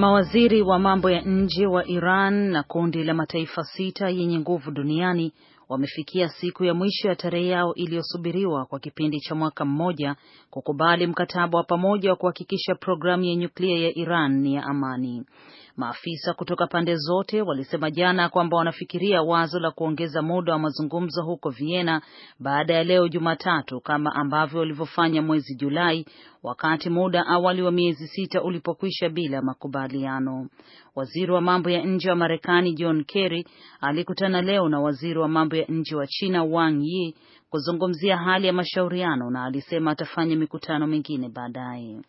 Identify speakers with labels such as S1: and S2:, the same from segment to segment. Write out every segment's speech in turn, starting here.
S1: Mawaziri wa mambo ya nje wa Iran na kundi la mataifa sita yenye nguvu duniani wamefikia siku ya mwisho ya tarehe yao iliyosubiriwa kwa kipindi cha mwaka mmoja kukubali mkataba wa pamoja wa kuhakikisha programu ya nyuklia ya Iran ni ya amani. Maafisa kutoka pande zote walisema jana kwamba wanafikiria wazo la kuongeza muda wa mazungumzo huko Vienna baada ya leo Jumatatu, kama ambavyo walivyofanya mwezi Julai, wakati muda awali wa miezi sita ulipokwisha bila makubaliano. Waziri wa mambo ya nje wa Marekani John Kerry alikutana leo na waziri wa mambo ya nje wa China Wang Yi kuzungumzia hali ya mashauriano na alisema atafanya mikutano mingine baadaye.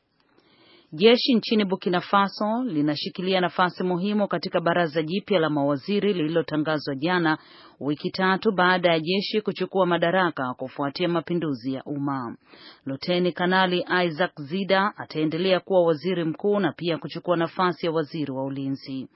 S1: Jeshi nchini Burkina Faso linashikilia nafasi muhimu katika baraza jipya la mawaziri lililotangazwa jana, wiki tatu baada ya jeshi kuchukua madaraka kufuatia mapinduzi ya umma. Luteni Kanali Isaac Zida ataendelea kuwa waziri mkuu na pia kuchukua nafasi ya waziri wa ulinzi.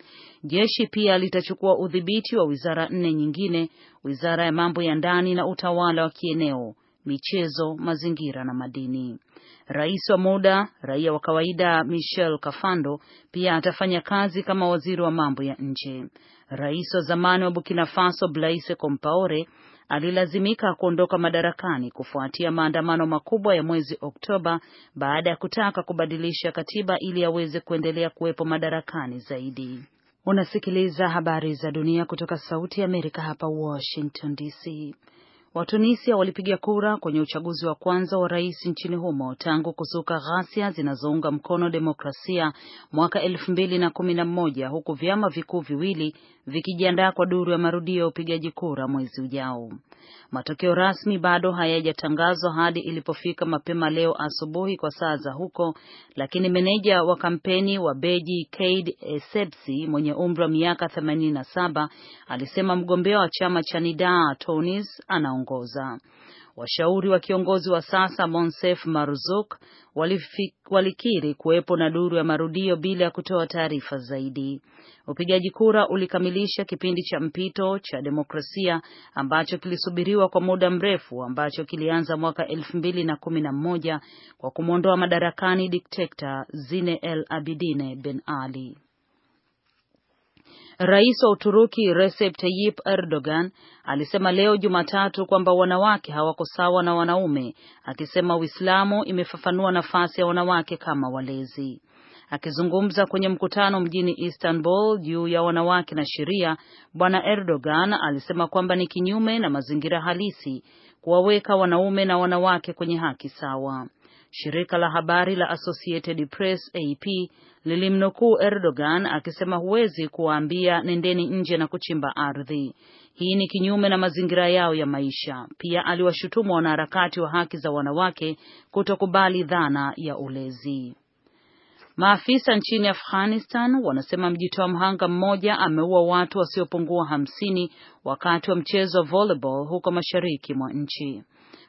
S1: Jeshi pia litachukua udhibiti wa wizara nne nyingine, wizara ya mambo ya ndani na utawala wa kieneo michezo, mazingira na madini. Rais wa muda raia wa kawaida Michel Kafando pia atafanya kazi kama waziri wa mambo ya nje. Rais wa zamani wa Burkina Faso Blaise Compaore alilazimika kuondoka madarakani kufuatia maandamano makubwa ya mwezi Oktoba baada ya kutaka kubadilisha katiba ili aweze kuendelea kuwepo madarakani zaidi. Unasikiliza habari za dunia kutoka Sauti ya Amerika hapa Washington DC. Watunisia walipiga kura kwenye uchaguzi wa kwanza wa rais nchini humo tangu kuzuka ghasia zinazounga mkono demokrasia mwaka elfu mbili na kumi na moja huku vyama vikuu viwili vikijiandaa kwa duru ya marudio ya upigaji kura mwezi ujao. Matokeo rasmi bado hayajatangazwa hadi ilipofika mapema leo asubuhi kwa saa za huko, lakini meneja wa kampeni wa Beji Cade Essebsi mwenye umri wa miaka 87 alisema mgombea wa chama cha Nidaa Tonis anaongoza. Washauri wa kiongozi wa sasa Monsef Marzuk walikiri kuwepo na duru ya marudio bila ya kutoa taarifa zaidi. Upigaji kura ulikamilisha kipindi cha mpito cha demokrasia ambacho kilisubiriwa kwa muda mrefu ambacho kilianza mwaka elfu mbili na kumi na moja kwa kumwondoa madarakani dikteta Zine El Abidine Ben Ali. Rais wa Uturuki Recep Tayyip Erdogan alisema leo Jumatatu kwamba wanawake hawako sawa na wanaume, akisema Uislamu imefafanua nafasi ya wanawake kama walezi. Akizungumza kwenye mkutano mjini Istanbul juu ya wanawake na sheria, Bwana Erdogan alisema kwamba ni kinyume na mazingira halisi kuwaweka wanaume na wanawake kwenye haki sawa. Shirika la habari la Associated Press AP lilimnukuu Erdogan akisema huwezi kuwaambia nendeni nje na kuchimba ardhi. Hii ni kinyume na mazingira yao ya maisha. Pia aliwashutumu wanaharakati wa haki za wanawake kutokubali dhana ya ulezi. Maafisa nchini Afghanistan wanasema mjitoa mhanga mmoja ameua watu wasiopungua hamsini wakati wa mchezo wa volleyball huko mashariki mwa nchi.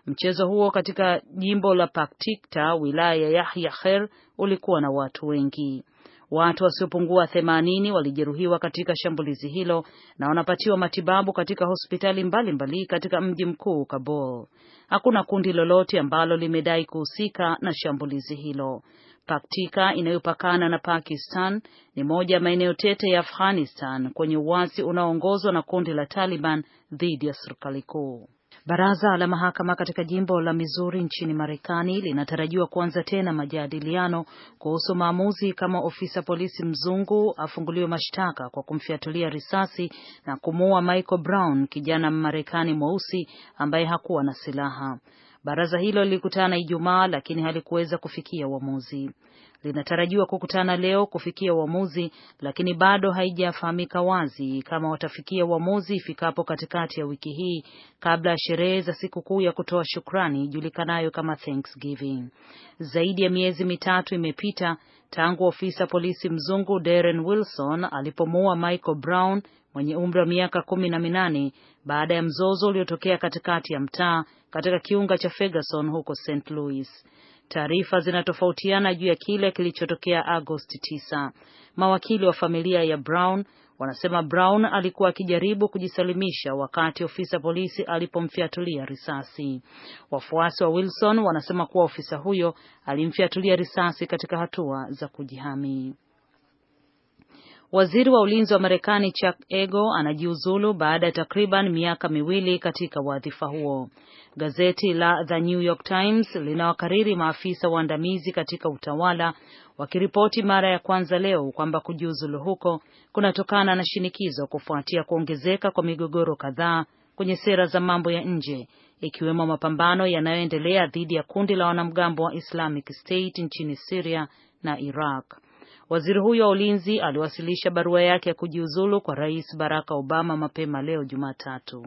S1: Mchezo huo katika jimbo la Paktikta, wilaya ya Yahya Kher, ulikuwa na watu wengi. Watu wasiopungua themanini walijeruhiwa katika shambulizi hilo na wanapatiwa matibabu katika hospitali mbalimbali mbali katika mji mkuu Kabul. Hakuna kundi lolote ambalo limedai kuhusika na shambulizi hilo. Paktika inayopakana na Pakistan ni moja ya maeneo tete ya Afghanistan kwenye uasi unaoongozwa na kundi la Taliban dhidi ya serikali kuu. Baraza la mahakama katika jimbo la Missouri nchini Marekani linatarajiwa kuanza tena majadiliano kuhusu maamuzi kama ofisa polisi mzungu afunguliwe mashtaka kwa kumfiatulia risasi na kumuua Michael Brown, kijana Mmarekani mweusi ambaye hakuwa na silaha. Baraza hilo lilikutana Ijumaa lakini halikuweza kufikia uamuzi. Linatarajiwa kukutana leo kufikia uamuzi, lakini bado haijafahamika wazi kama watafikia uamuzi ifikapo katikati ya wiki hii kabla ya sherehe za sikukuu ya kutoa shukrani ijulikanayo kama Thanksgiving. Zaidi ya miezi mitatu imepita tangu ofisa polisi mzungu Darren Wilson alipomuua Michael Brown mwenye umri wa miaka kumi na minane baada ya mzozo uliotokea katikati ya mtaa katika kiunga cha Ferguson huko St. Louis. Taarifa zinatofautiana juu ya kile kilichotokea Agosti 9. Mawakili wa familia ya Brown Wanasema Brown alikuwa akijaribu kujisalimisha wakati ofisa polisi alipomfiatulia risasi. Wafuasi wa Wilson wanasema kuwa ofisa huyo alimfiatulia risasi katika hatua za kujihami. Waziri wa ulinzi wa Marekani Chuck Ego anajiuzulu baada ya takriban miaka miwili katika wadhifa huo. Gazeti la The New York Times linawakariri maafisa waandamizi katika utawala wakiripoti mara ya kwanza leo kwamba kujiuzulu huko kunatokana na shinikizo kufuatia kuongezeka kwa migogoro kadhaa kwenye sera za mambo ya nje ikiwemo mapambano yanayoendelea dhidi ya kundi la wanamgambo wa Islamic State nchini Syria na Iraq. Waziri huyo wa ulinzi aliwasilisha barua yake ya kujiuzulu kwa Rais Barack Obama mapema leo Jumatatu,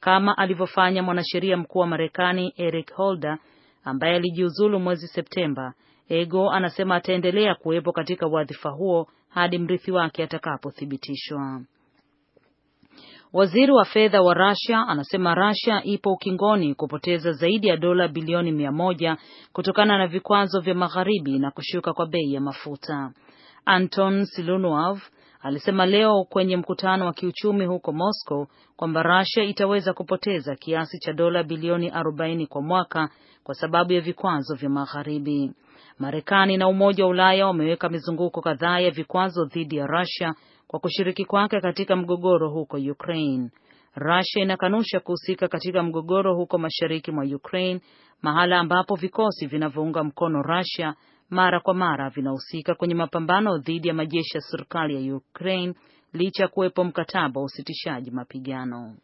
S1: kama alivyofanya mwanasheria mkuu wa Marekani Eric Holder ambaye alijiuzulu mwezi Septemba. Ego anasema ataendelea kuwepo katika wadhifa huo hadi mrithi wake atakapothibitishwa. Waziri wa fedha wa Russia anasema Russia ipo ukingoni kupoteza zaidi ya dola bilioni mia moja kutokana na vikwazo vya magharibi na kushuka kwa bei ya mafuta. Anton Silunov alisema leo kwenye mkutano wa kiuchumi huko Moscow kwamba Russia itaweza kupoteza kiasi cha dola bilioni 40 kwa mwaka kwa sababu ya vikwazo vya magharibi. Marekani na Umoja wa Ulaya wameweka mizunguko kadhaa ya vikwazo dhidi ya Russia kwa kushiriki kwake katika mgogoro huko Ukraine. Russia inakanusha kuhusika katika mgogoro huko mashariki mwa Ukraine, mahala ambapo vikosi vinavyounga mkono Russia mara kwa mara vinahusika kwenye mapambano dhidi ya majeshi ya serikali ya Ukraine licha ya kuwepo mkataba wa usitishaji mapigano.